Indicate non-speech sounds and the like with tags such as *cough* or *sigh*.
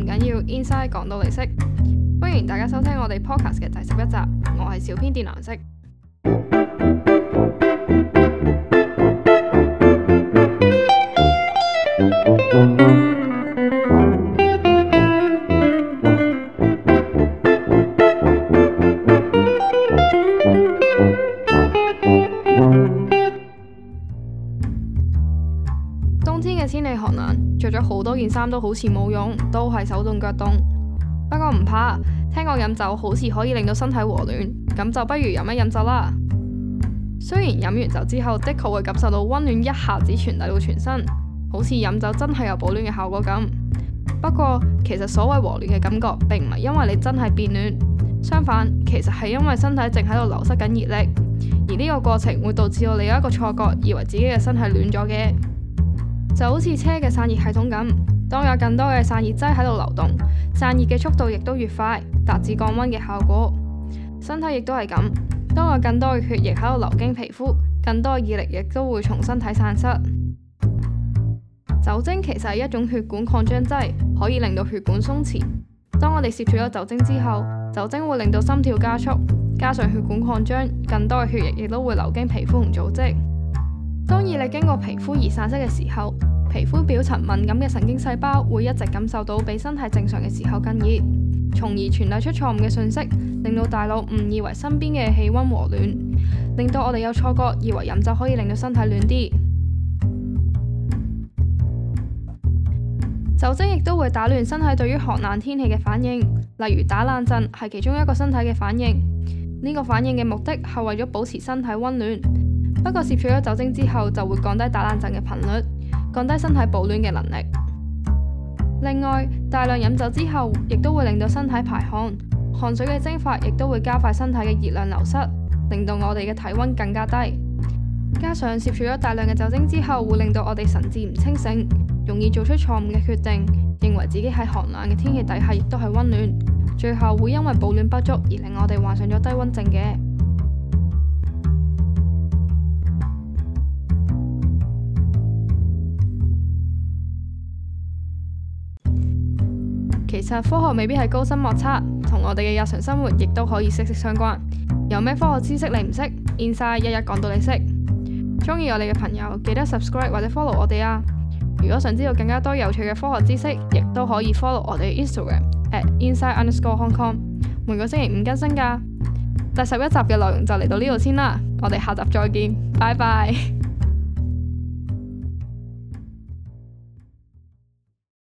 唔緊要，inside 講到你識。歡迎大家收聽我哋 podcast 嘅第十一集，我係小編電藍色。天氣寒冷，着咗好多件衫都好似冇用，都係手凍腳凍。不過唔怕，聽講飲酒好似可以令到身體和暖，咁就不如飲一飲酒啦。雖然飲完酒之後的確會感受到溫暖，一下子傳遞到全身，好似飲酒真係有保暖嘅效果咁。不過其實所謂和暖嘅感覺，並唔係因為你真係變暖，相反，其實係因為身體正喺度流失緊熱力，而呢個過程會導致到你有一個錯覺，以為自己嘅身體暖咗嘅。就好似車嘅散熱系統咁，當有更多嘅散熱劑喺度流動，散熱嘅速度亦都越快，達至降溫嘅效果。身體亦都係咁，當有更多嘅血液喺度流經皮膚，更多嘅熱力亦都會從身體散失。酒精其實係一種血管擴張劑，可以令到血管鬆弛。當我哋攝取咗酒精之後，酒精會令到心跳加速，加上血管擴張，更多嘅血液亦都會流經皮膚同組織。當熱力經過皮膚而散失嘅時候，皮膚表層敏感嘅神經細胞會一直感受到比身體正常嘅時候更熱，從而傳遞出錯誤嘅訊息，令到大腦誤以為身邊嘅氣溫和暖，令到我哋有錯覺，以為飲酒可以令到身體暖啲。 *noise* 酒精亦都會打亂身體對於寒冷天氣嘅反應，例如打冷震係其中一個身體嘅反應。呢、這個反應嘅目的係為咗保持身體温暖，不過攝取咗酒精之後就會降低打冷震嘅頻率。降低身體保暖嘅能力。另外，大量飲酒之後，亦都會令到身體排汗，汗水嘅蒸發亦都會加快身體嘅熱量流失，令到我哋嘅體溫更加低。加上攝取咗大量嘅酒精之後，會令到我哋神志唔清醒，容易做出錯誤嘅決定，認為自己喺寒冷嘅天氣底下亦都係溫暖，最後會因為保暖不足而令我哋患上咗低溫症嘅。其實科學未必係高深莫測，同我哋嘅日常生活亦都可以息息相關。有咩科學知識你唔識？Inside 日日講到你識。中意我哋嘅朋友記得 subscribe 或者 follow 我哋啊！如果想知道更加多有趣嘅科學知識，亦都可以 follow 我哋 Instagram at inside underscore hongkong。Ong ong, 每個星期五更新噶。第十一集嘅內容就嚟到呢度先啦，我哋下集再見，拜拜。